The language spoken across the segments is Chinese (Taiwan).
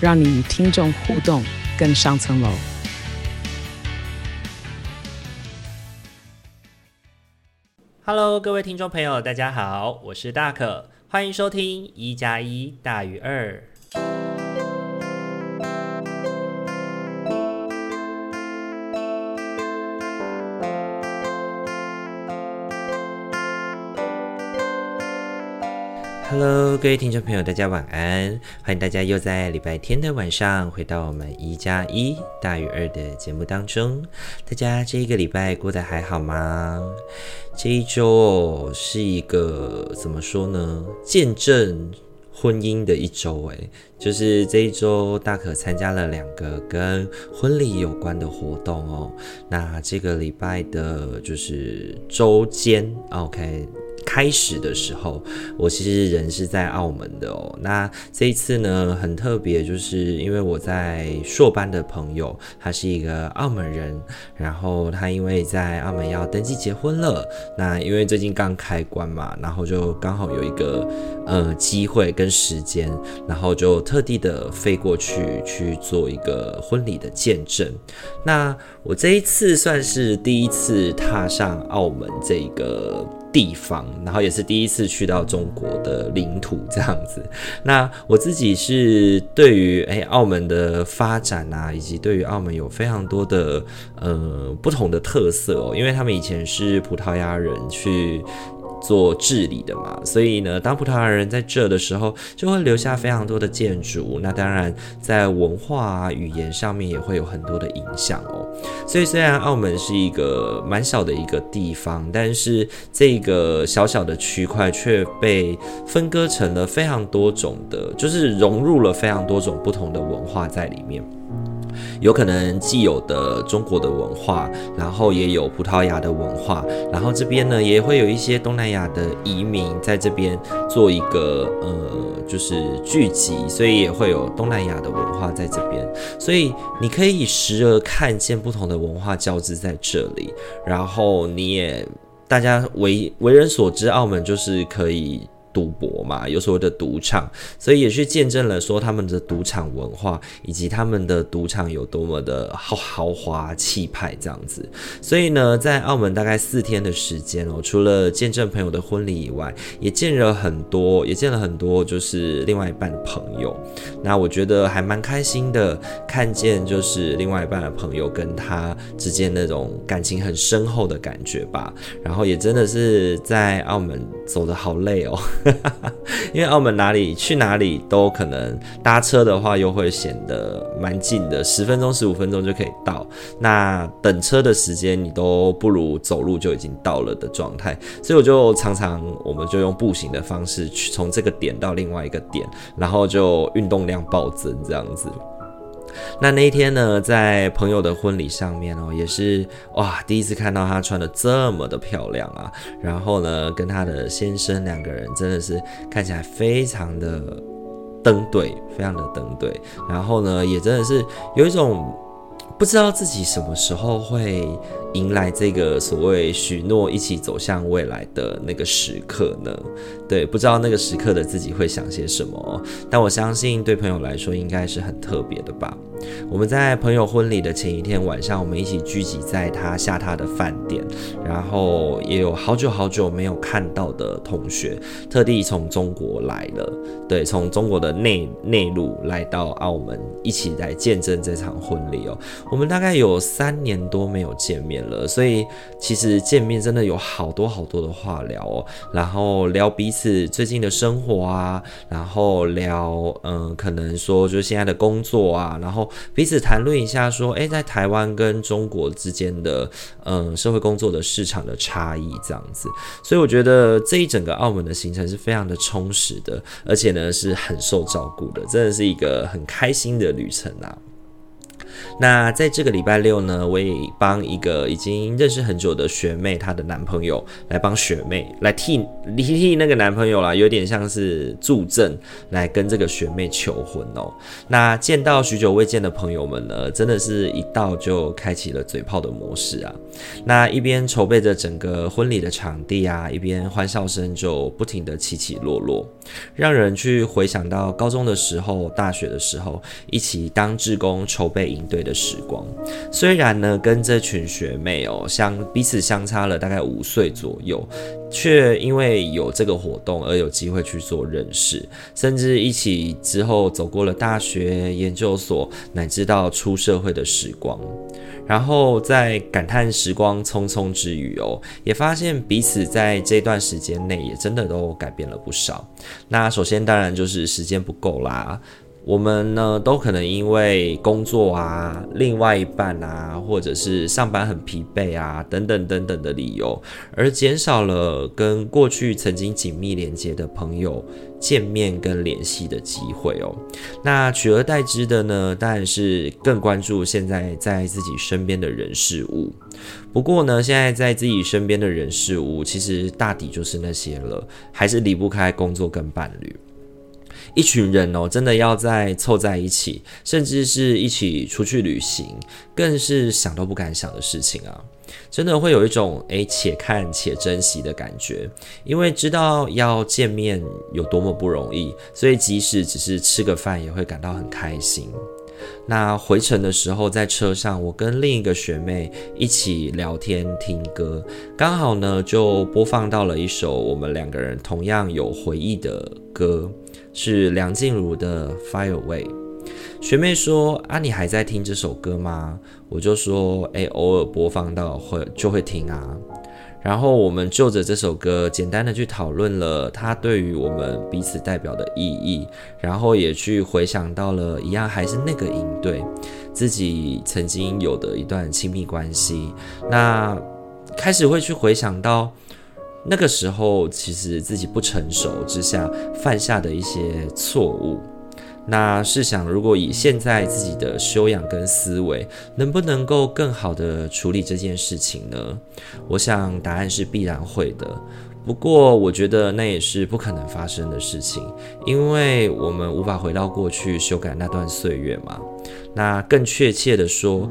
讓你與聽眾互動更上層樓。Hello，各位聽眾朋友，大家好，我是大可，歡迎收聽一加一大於二。Hello，各位聽眾朋友，大家晚安！歡迎大家又在禮拜天的晚上回到我們一加一大於二的節目當中。大家這一個禮拜過得還好嗎？這一周哦，是一個怎麼說呢？見證婚姻的一周誒，就是這一周大可參加了兩個跟婚禮有關的活動哦。那這個禮拜的就是周間，OK。開始的時候，我其實人是在澳門的哦。那這一次呢，很特別，就是因為我在碩班的朋友，他是一個澳門人，然後他因為在澳門要登記結婚了。那因為最近剛開關嘛，然後就剛好有一個呃機會跟時間，然後就特地的飛過去去做一個婚禮的見證。那我這一次算是第一次踏上澳門這個。地方，然後也是第一次去到中國的領土這樣子。那我自己是對於誒澳門的發展啊，以及對於澳門有非常多的，呃、不同的特色哦，因為他們以前是葡萄牙人去。做治理的嘛，所以呢，當葡萄牙人在這的時候，就會留下非常多的建築。那當然，在文化啊、語言上面也會有很多的影響哦。所以，雖然澳門是一個蠻小的一個地方，但是這個小小的區塊卻被分割成了非常多種的，就是融入了非常多種不同的文化在裡面。有可能既有的中國的文化，然後也有葡萄牙的文化，然後這邊呢也會有一些東南亞的移民在這邊做一個呃就是聚集，所以也會有東南亞的文化在這邊，所以你可以時而看見不同的文化交織在這裡，然後你也大家為為人所知，澳門就是可以。賭博嘛，有所謂的賭場，所以也去見證了說他們的賭場文化以及他們的賭場有多麼的豪豪華氣派這樣子。所以呢，在澳門大概四天的時間喔，除了見證朋友的婚禮以外，也見了很多，也見了很多就是另外一半的朋友。那我覺得還蠻開心的，看見就是另外一半的朋友跟他之間那種感情很深厚的感覺吧。然後也真的是在澳門走得好累喔。 因為澳門哪裡去哪裡都可能搭車的話，又會顯得蠻近的，十分鐘、十五分鐘就可以到。那等車的時間，你都不如走路就已經到了的狀態。所以我就常常，我們就用步行的方式去從這個點到另外一個點，然後就運動量暴增這樣子。那那天呢，在朋友的婚禮上面哦，也是哇，第一次看到她穿得這麼的漂亮啊。然後呢，跟她的先生兩個人真的是看起來非常的登對，非常的登對。然後呢，也真的是有一種不知道自己什麼時候會迎來這個所謂許諾一起走向未來的那個時刻呢？對，不知道那個時刻的自己會想些什麼。但我相信對朋友來說應該是很特別的吧。我們在朋友婚禮的前一天晚上，我們一起聚集在他下榻的飯店，然後也有好久好久沒有看到的同學，特地從中國來了，對，從中國的內內陸來到澳門，一起來見證這場婚禮哦。我們大概有三年多沒有見面。所以其實見面真的有好多好多的話聊哦，然後聊彼此最近的生活啊，然後聊嗯，可能說就是現在的工作啊，然後彼此談論一下說，誒，在台灣跟中國之間的嗯社會工作的市場的差異這樣子，所以我覺得這一整個澳門的行程是非常的充實的，而且呢是很受照顧的，真的是一個很開心的旅程啊。那在這個禮拜六呢，我也幫一個已經認識很久的學妹，她的男朋友來幫學妹來替替那個男朋友啦，有點像是助陣來跟這個學妹求婚哦。那見到許久未見的朋友們呢，真的是一到就開啟了嘴炮的模式啊。那一邊籌備着整個婚禮的場地啊，一邊歡笑聲就不停的起起落落，讓人去回想到高中的時候、大學的時候一起當志工籌備營。對的時光，雖然呢跟這群學妹哦相彼此相差了大概五歲左右，卻因為有這個活動而有機會去做認識，甚至一起之後走過了大學、研究所，乃至到出社會的時光。然後在感嘆時光匆匆之餘哦，也發現彼此在這段時間內也真的都改變了不少。那首先當然就是時間不夠啦。我們呢，都可能因為工作啊、另外一半啊，或者是上班很疲憊啊等等等等的理由，而減少了跟過去曾經緊密連接的朋友見面跟聯繫的機會哦。那取而代之的呢，當然是更關注現在在自己身邊的人事物。不過呢，現在在自己身邊的人事物其實大抵就是那些了，還是離不開工作跟伴侶。一群人哦，真的要再湊在一起，甚至是一起出去旅行，更是想都不敢想的事情啊！真的會有一種誒，且看且珍惜的感覺，因為知道要見面有多麼不容易，所以即使只是吃個飯，也會感到很開心。那回程的時候，在車上，我跟另一個學妹一起聊天聽歌，剛好呢就播放到了一首我們兩個人同樣有回憶的歌。是梁靜茹的《Fire Away》。學妹說：“啊，你還在聽這首歌嗎？”我就說：“哎，偶爾播放到會就會聽啊。”然後我們就着這首歌簡單地去討論了它對於我們彼此代表的意義，然後也去回想到了一樣還是那個音對，自己曾經有的一段親密關係。那開始會去回想到。那個時候，其實自己不成熟之下犯下的一些錯誤，那試想，如果以現在自己的修養跟思維，能不能夠更好的處理這件事情呢？我想答案是必然會的。不過，我覺得那也是不可能發生的事情，因為我們無法回到過去修改那段歲月嘛。那更確切的說。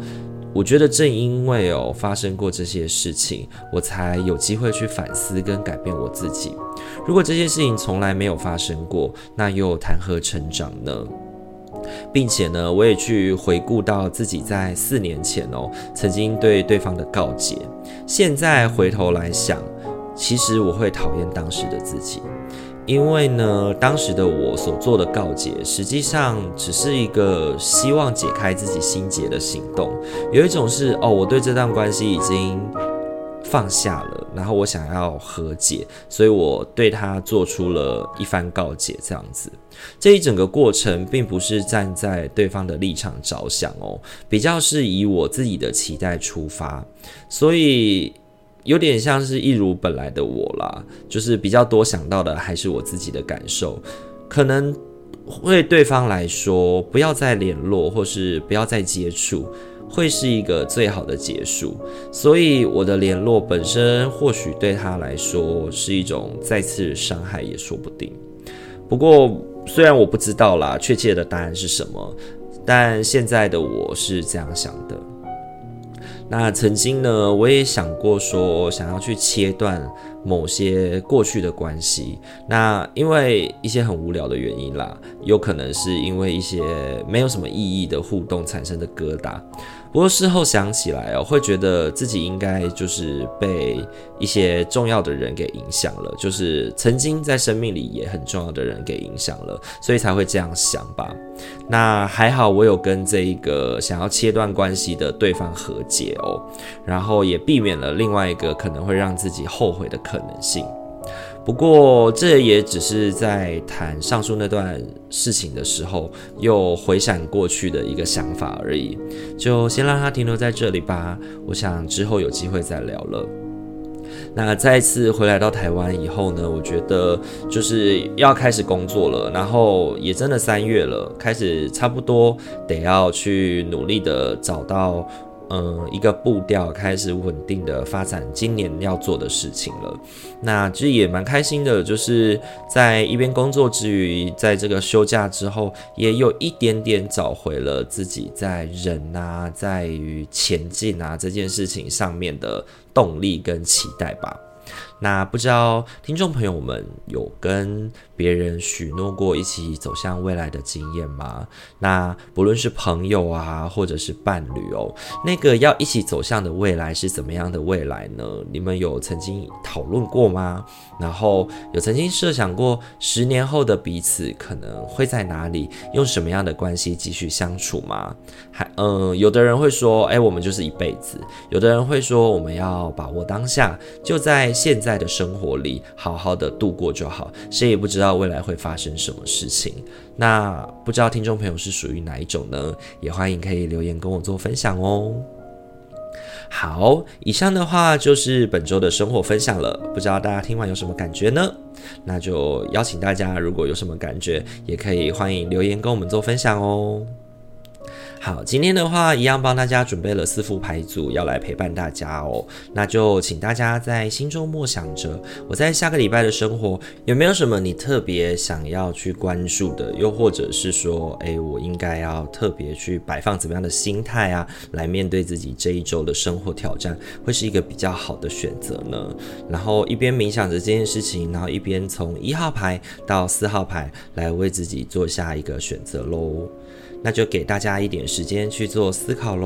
我覺得正因為有、哦、發生過這些事情，我才有機會去反思跟改變我自己。如果這些事情從來沒有發生過，那又談何成長呢？並且呢，我也去回顧到自己在四年前哦，曾經對對方的告誡，現在回頭來想，其實我會討厭當時的自己。因為呢，當時的我所做的告解，實際上只是一個希望解開自己心結的行動，有一種是哦，我對這段關係已經放下了，然後我想要和解，所以我對他做出了一番告解。這樣子，這一整個過程並不是站在對方的立場着想哦，比較是以我自己的期待出發，所以。有點像是一如本來的我啦，就是比較多想到的還是我自己的感受，可能對對方來說不要再聯絡或是不要再接觸，會是一個最好的結束。所以我的聯絡本身或許對他來說是一種再次傷害也說不定。不過雖然我不知道啦，確切的答案是什麼，但現在的我是這樣想的。那曾經呢，我也想過說想要去切斷某些過去的關係。那因為一些很無聊的原因啦，有可能是因為一些沒有什麼意義的互動產生的疙瘩。不過事後想起來哦，會覺得自己應該就是被一些重要的人給影響了，就是曾經在生命裡也很重要的人給影響了，所以才會這樣想吧。那還好我有跟這一個想要切斷關係的對方和解哦，然後也避免了另外一個可能會讓自己後悔的可能性。不過，這也只是在談上述那段事情的時候，又回想過去的一個想法而已，就先讓它停留在這裡吧。我想之後有機會再聊了。那再次回來到台灣以後呢，我覺得就是要開始工作了，然後也真的三月了，開始差不多得要去努力的找到。嗯，一個步調開始穩定的發展，今年要做的事情了。那其實也蠻開心的，就是在一邊工作之餘，在這個休假之後，也有一點點找回了自己在人啊，在於前進啊這件事情上面的動力跟期待吧。那不知道聽眾朋友們有跟別人許諾過一起走向未來的經驗嗎？那不論是朋友啊，或者是伴侶哦，那個要一起走向的未來是怎麼樣的未來呢？你們有曾經討論過嗎？然後有曾經設想過十年後的彼此可能會在哪裡，用什麼樣的關係繼續相處嗎？還嗯，有的人會說，哎、欸，我們就是一輩子；有的人會說，我們要把握當下，就在現在。現在的生活裡，好好的度過就好，誰也不知道未來會發生什麼事情。那不知道聽眾朋友是屬於哪一種呢？也歡迎可以留言跟我做分享哦。好，以上的話就是本週的生活分享了。不知道大家聽完有什麼感覺呢？那就邀請大家，如果有什麼感覺，也可以歡迎留言跟我們做分享哦。好，今天的話一樣幫大家準備了四副牌組要來陪伴大家哦。那就請大家在心中默想着，我在下個禮拜的生活有沒有什麼你特別想要去關注的，又或者是說，誒、欸，我應該要特別去擺放怎麼樣的心態啊，來面對自己這一周的生活挑戰，會是一個比較好的選擇呢？然後一邊冥想着這件事情，然後一邊從一號牌到四號牌來為自己做下一個選擇嘍。那就給大家一點時間去做思考嘍。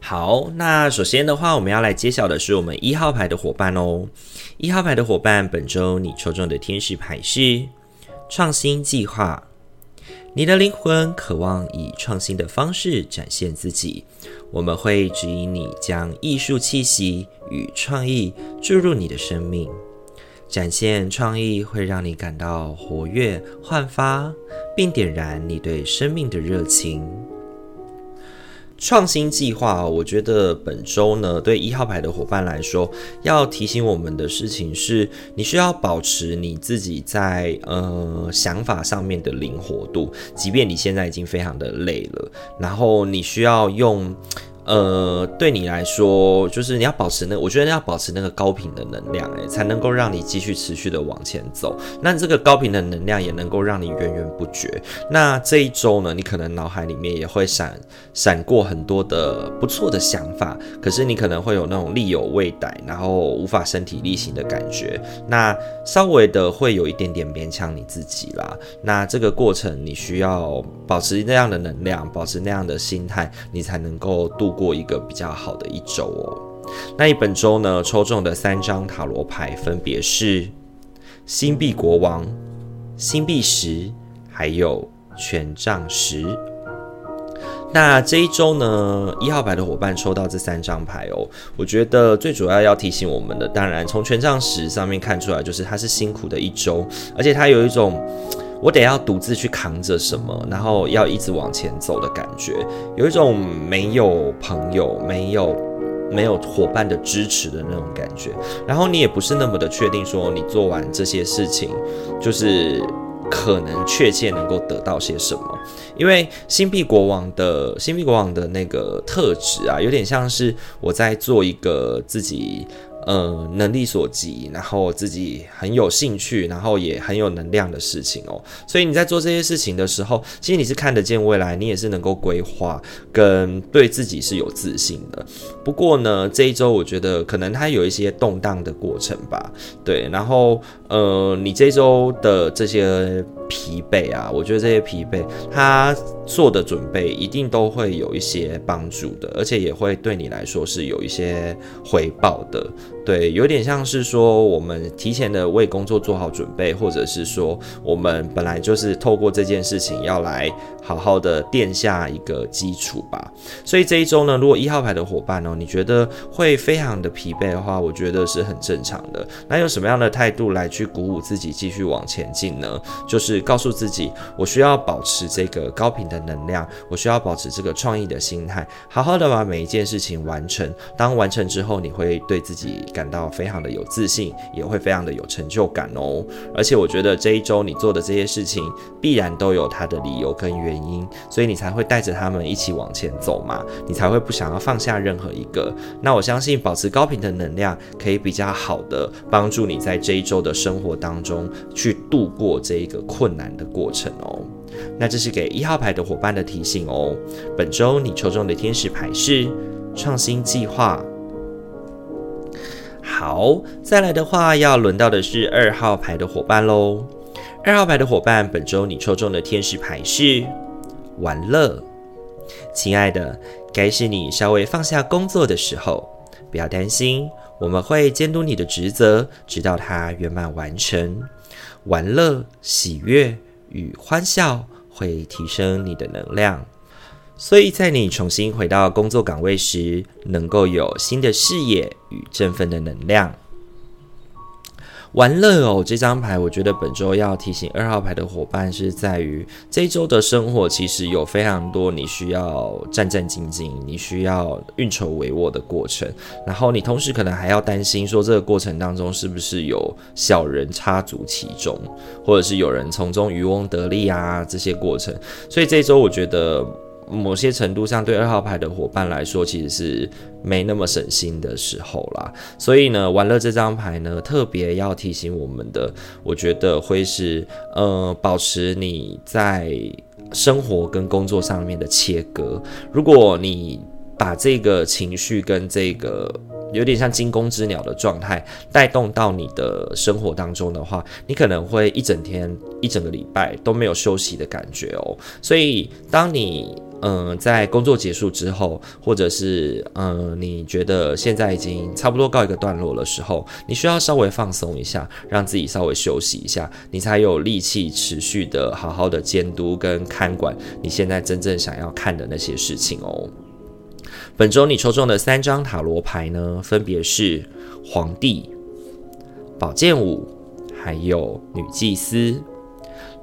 好，那首先的話，我們要來揭曉的是我們一號牌的夥伴哦。一號牌的夥伴，本週你抽中的天使牌是創新計劃。你的靈魂渴望以創新的方式展現自己，我們會指引你將藝術氣息與創意注入你的生命。展現創意會讓你感到活躍、煥發，並點燃你對生命的熱情。創新計劃，我覺得本周呢，對一號牌的夥伴來說，要提醒我們的事情是，你需要保持你自己在，呃，想法上面的靈活度，即便你現在已經非常的累了，然後你需要用。呃，對你來說，就是你要保持那，我覺得你要保持那個高頻的能量，誒，才能夠讓你繼續持續的往前走。那這個高頻的能量也能夠讓你源源不絕。那這一周呢，你可能腦海裡面也會閃閃過很多的不錯的想法，可是你可能會有那種力有未逮，然後無法身體力行的感覺。那稍微的會有一點點勉強你自己啦。那這個過程，你需要保持那樣的能量，保持那樣的心態，你才能夠度過一個比較好的一周哦。那你本周呢，抽中的三張塔羅牌分別是星幣國王、星幣十，還有權杖十。那這一周呢，一號牌的伙伴抽到這三張牌哦。我覺得最主要要提醒我們的，當然從權杖十上面看出來，就是它是辛苦的一周，而且它有一種。我得要獨自去扛着什麼，然後要一直往前走的感覺，有一種沒有朋友、沒有沒有夥伴的支持的那種感覺。然後你也不是那麼的確定，說你做完這些事情，就是可能確切能夠得到些什麼。因為星幣國王的星幣國王的那個特質啊，有點像是我在做一個自己。呃，能力所及，然後自己很有興趣，然後也很有能量的事情哦。所以你在做這些事情的時候，其實你是看得見未來，你也是能夠規劃跟對自己是有自信的。不過呢，這一周我覺得可能它有一些動盪的過程吧。對，然後呃，你這週的這些疲憊啊，我覺得這些疲憊它。做的準備一定都會有一些幫助的，而且也會對你來說是有一些回報的。對，有點像是說我們提前的為工作做好準備，或者是說我們本來就是透過這件事情要來好好的墊下一個基礎吧。所以這一周呢，如果一號牌的夥伴哦，你覺得會非常的疲憊的話，我覺得是很正常的。那用什麼樣的態度來去鼓舞自己繼續往前進呢？就是告訴自己，我需要保持這個高頻的能量，我需要保持這個創意的心態，好好的把每一件事情完成。當完成之後，你會對自己。感到非常的有自信，也會非常的有成就感哦。而且我覺得這一周你做的這些事情，必然都有它的理由跟原因，所以你才會帶着他們一起往前走嘛，你才會不想要放下任何一個。那我相信保持高頻的能量，可以比較好的幫助你在這一周的生活當中去度過這一個困難的過程哦。那這是給一號牌的伙伴的提醒哦。本周你抽中的天使牌是創新計劃。好，再來的話，要輪到的是二號牌的夥伴嘍。二號牌的夥伴，本周你抽中的天使牌是玩樂，親愛的，該是你稍微放下工作的時候。不要擔心，我們會監督你的職責，直到它圓滿完成。玩樂、喜悅與歡笑會提升你的能量。所以在你重新回到工作崗位時，能夠有新的視野與振奮的能量。玩樂偶、哦、這張牌，我覺得本周要提醒二號牌的夥伴是在於，這一周的生活其實有非常多你需要戰戰兢兢、你需要運籌帷幄的過程。然後你同時可能還要擔心說，這個過程當中是不是有小人插足其中，或者是有人從中漁翁得利啊這些過程。所以這一周我覺得。某些程度上，對二號牌的伙伴來說，其實是沒那麼省心的時候啦。所以呢，玩了這張牌呢，特別要提醒我們的，我覺得會是呃，保持你在生活跟工作上面的切割。如果你把這個情緒跟這個有點像驚弓之鳥的狀態，帶動到你的生活當中的話，你可能會一整天、一整個禮拜都沒有休息的感覺哦。所以，當你嗯、呃、在工作結束之後，或者是嗯、呃、你覺得現在已經差不多告一個段落的時候，你需要稍微放鬆一下，讓自己稍微休息一下，你才有力氣持續的好好的監督跟看管你現在真正想要看的那些事情哦。本週你抽中的三張塔羅牌呢，分別是皇帝、寶劍五，還有女祭司。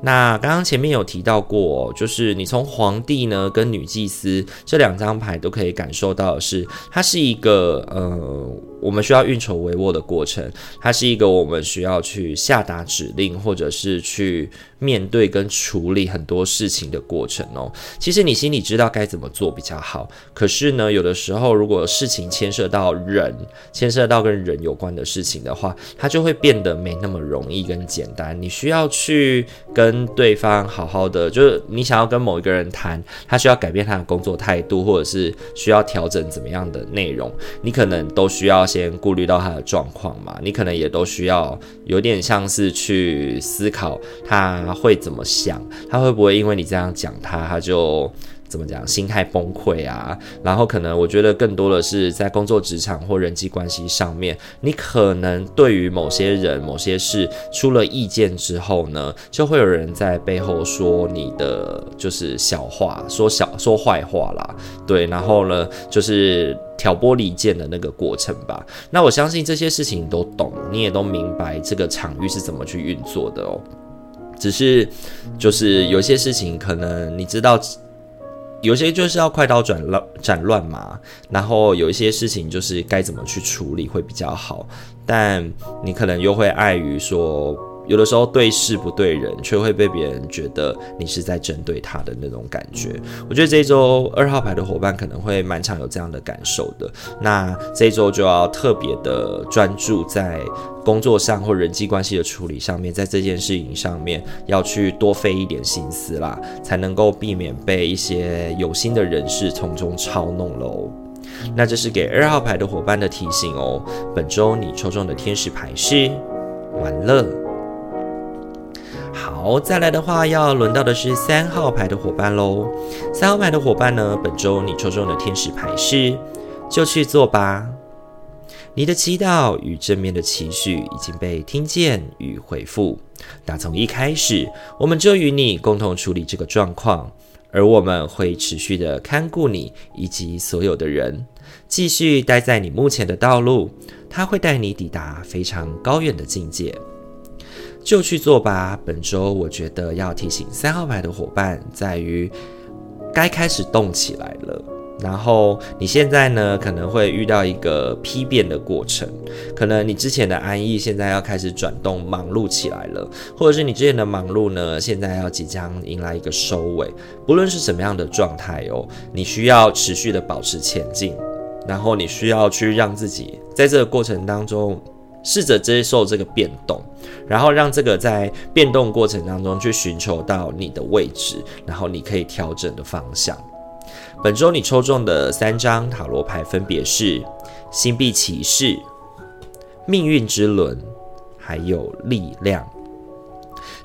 那剛剛前面有提到過哦，就是你從皇帝呢跟女祭司這兩張牌都可以感受到的是，是它是一個呃，我們需要運籌帷幄的過程，它是一個我們需要去下達指令或者是去面對跟處理很多事情的過程哦。其實你心裡知道該怎麼做比較好，可是呢，有的時候如果事情牽涉到人，牽涉到跟人有關的事情的話，它就會變得沒那麼容易跟簡單，你需要去跟。跟對方好好的。就是你想要跟某一個人談，他需要改變他的工作態度，或者是需要調整怎麼樣的內容，你可能都需要先顧慮到他的狀況嘛，你可能也都需要有點像是去思考他會怎麼想，他會不會因為你這樣講他，他就……怎麼講？心態崩潰啊！然後可能我覺得更多的是在工作職場或人際關係上面，你可能對於某些人、某些事出了意見之後呢，就會有人在背後說你的就是小話，說小說壞話啦，對，然後呢，就是挑撥離間的那個過程吧。那我相信這些事情你都懂，你也都明白這個場域是怎麼去運作的哦。只是就是有些事情可能你知道。有些就是要快刀斬亂斬亂麻，然後有一些事情就是該怎麼去處理會比較好，但你可能又會礙於說，有的時候對事不對人，卻會被別人覺得你是在針對他的那種感覺。我覺得這一周二號牌的伙伴可能會蠻常有這樣的感受的。那這一周就要特別的專注在工作上或人際關係的處理上面，在這件事情上面要去多費一點心思啦，才能夠避免被一些有心的人士從中操弄嘍。那這是給二號牌的伙伴的提醒哦。本周你抽中的天使牌是玩樂。好、哦，再來的話，要輪到的是三號牌的伙伴嘍。三號牌的伙伴呢，本周你抽中的天使牌是，就去做吧。你的祈禱與正面的情緒已經被聽見與回覆。打從一開始，我們就與你共同處理這個狀況，而我們會持續的看顧你以及所有的人，繼續待在你目前的道路，它會帶你抵達非常高遠的境界。就去做吧。本周我覺得要提醒三號牌的伙伴，在於該開始動起來了。然後你現在呢，可能會遇到一個批變的過程，可能你之前的安逸，現在要開始轉動忙碌起來了，或者是你之前的忙碌呢，現在要即將迎來一個收尾。不論是什麼樣的狀態哦，你需要持續的保持前進，然後你需要去讓自己在這個過程當中。試着接受這個變動，然後讓這個在變動過程當中去尋求到你的位置，然後你可以調整的方向。本周你抽中的三張塔羅牌分別是星幣騎士、命運之輪，還有力量。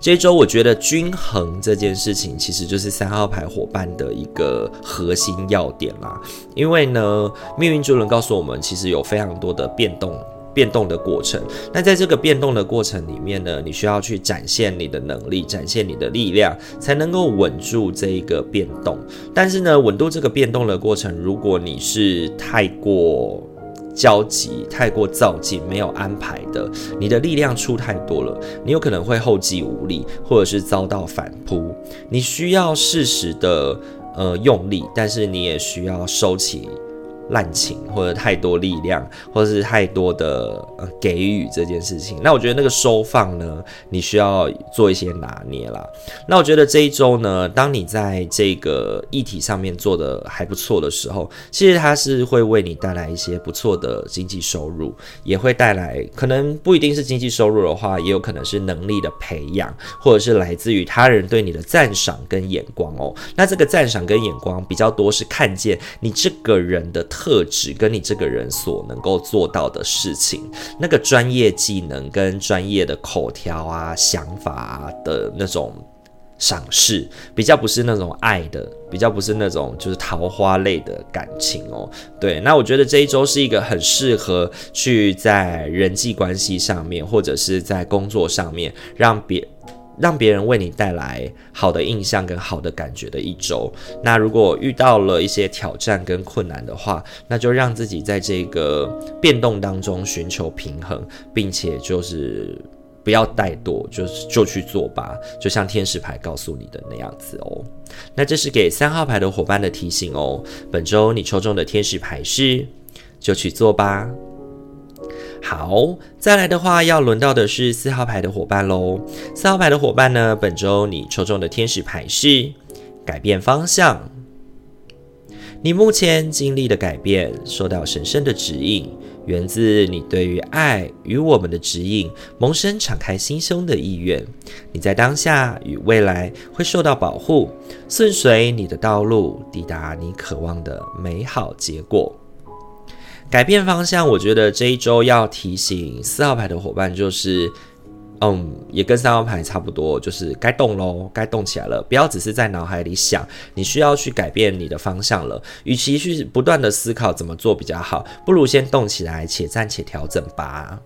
這一周我覺得均衡這件事情其實就是三號牌夥伴的一個核心要點啦，因為呢，命運之輪告訴我們其實有非常多的變動。變動的過程，那在這個變動的過程裡面呢，你需要去展現你的能力，展現你的力量，才能夠穩住這一個變動。但是呢，穩住這個變動的過程，如果你是太過焦急，太過躁進，沒有安排的，你的力量出太多了，你有可能會後繼無力，或者是遭到反撲。你需要適時的呃用力，但是你也需要收起。濫情或者太多力量，或者是太多的呃給予這件事情，那我覺得那個收放呢，你需要做一些拿捏啦。那我覺得這一周呢，當你在這個議題上面做得還不錯的時候，其實它是會為你帶來一些不錯的經濟收入，也會帶來可能不一定是經濟收入的話，也有可能是能力的培養，或者是來自於他人對你的讚賞跟眼光哦。那這個讚賞跟眼光比較多是看見你這個人的。特質跟你這個人所能夠做到的事情，那個專業技能跟專業的口條啊、想法啊的那種賞識，比較不是那種愛的，比較不是那種就是桃花類的感情哦、喔。對，那我覺得這一周是一個很適合去在人際關係上面，或者是在工作上面讓別。讓別人為你帶來好的印象跟好的感覺的一周。那如果遇到了一些挑戰跟困難的話，那就讓自己在這個變動當中尋求平衡，並且就是不要怠惰，就是就去做吧。就像天使牌告訴你的那樣子哦。那這是給三號牌的夥伴的提醒哦。本周你抽中的天使牌是，就去做吧。好，再來的話，要輪到的是四號牌的夥伴嘍。四號牌的夥伴呢，本周你抽中的天使牌是改變方向。你目前經歷的改變，受到神聖的指引，源自你對於愛與我們的指引，萌生敞開心胸的意願。你在當下與未來會受到保護，順遂你的道路，抵達你渴望的美好結果。改變方向，我覺得這一周要提醒四號牌的夥伴就是，嗯，也跟三號牌差不多，就是該動嘍，該動起來了，不要只是在腦海裡想，你需要去改變你的方向了。與其去不斷的思考怎麼做比較好，不如先動起來，且暫且調整吧。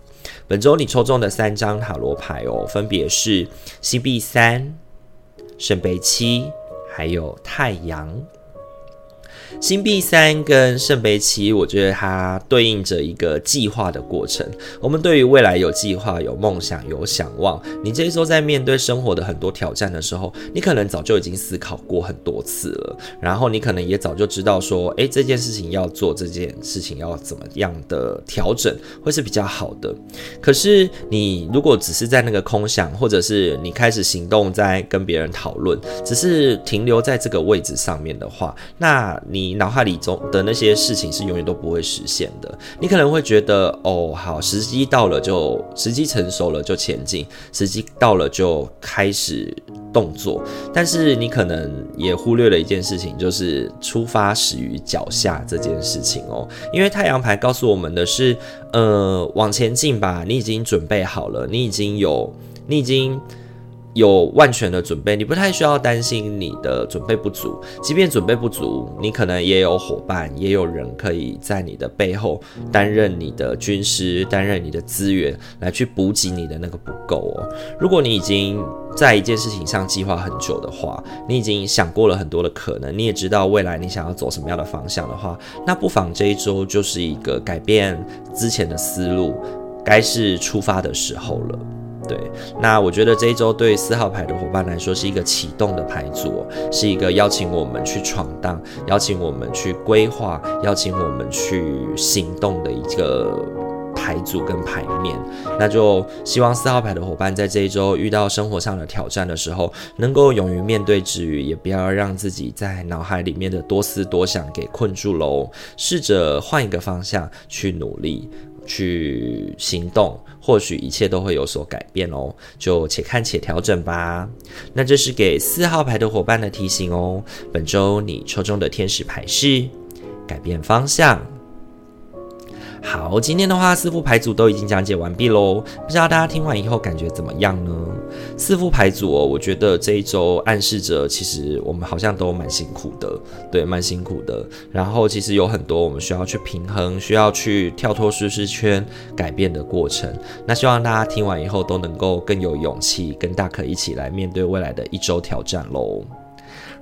本周你抽中的三張塔羅牌哦，分別是星幣三、聖杯七，還有太陽。星幣三跟聖杯七，我覺得它對應着一個計劃的過程。我們對於未來有計劃、有夢想、有想望。你這一週在面對生活的很多挑戰的時候，你可能早就已經思考過很多次了。然後你可能也早就知道說，誒，這件事情要做，這件事情要怎麼樣的調整會是比較好的。可是你如果只是在那個空想，或者是你開始行動，在跟別人討論，只是停留在這個位置上面的話，那。你腦海裡中的那些事情是永遠都不會實現的。你可能會覺得，哦，好，時機到了就，時機成熟了就前進，時機到了就開始動作。但是你可能也忽略了一件事情，就是出發始於腳下這件事情哦。因為太陽牌告訴我們的是，呃，往前進吧，你已經準備好了，你已經有，你已經。有萬全的準備，你不太需要擔心你的準備不足。即便準備不足，你可能也有夥伴，也有人可以在你的背後擔任你的軍師，擔任你的資源，來去補給你的那個不夠哦。如果你已經在一件事情上計劃很久的話，你已經想過了很多的可能，你也知道未來你想要走什麼樣的方向的話，那不妨這一週就是一個改變之前的思路，該是出發的時候了。對，那我覺得這一周對四號牌的夥伴來說是一個啟動的牌組，是一個邀請我們去闖蕩、邀請我們去規劃、邀請我們去行動的一個牌組跟牌面。那就希望四號牌的夥伴在這一周遇到生活上的挑戰的時候，能夠勇於面對之餘，也不要讓自己在腦海裡面的多思多想給困住嘍。試着換一個方向去努力、去行動。或許一切都會有所改變哦，就且看且調整吧。那這是給四號牌的伙伴的提醒哦，本周你抽中的天使牌是改變方向。好，今天的話四副牌組都已經講解完畢嘍，不知道大家聽完以後感覺怎麼樣呢？四副牌組哦，我覺得這一周暗示着其實我們好像都蠻辛苦的，對，蠻辛苦的。然後其實有很多我們需要去平衡，需要去跳脫舒適圈，改變的過程。那希望大家聽完以後都能夠更有勇氣，跟大可一起來面對未來的一周挑戰嘍。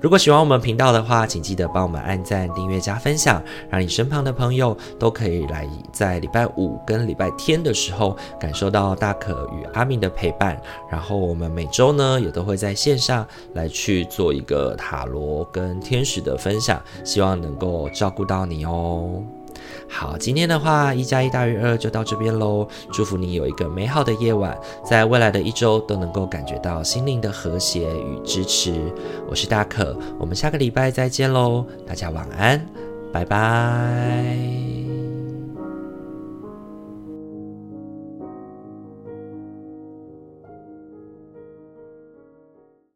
如果喜歡我們頻道的話，請記得幫我們按讚、訂閱、加分享，讓你身旁的朋友都可以來在禮拜五跟禮拜天的時候感受到大可與阿明的陪伴。然後我們每周呢，也都會在線上來去做一個塔羅跟天使的分享，希望能夠照顧到你哦。好，今天的話，一加一大於二就到這邊嘍。祝福你有一個美好的夜晚，在未來的一周都能夠感覺到心靈的和諧與支持。我是大可，我們下個禮拜再見嘍，大家晚安，拜拜。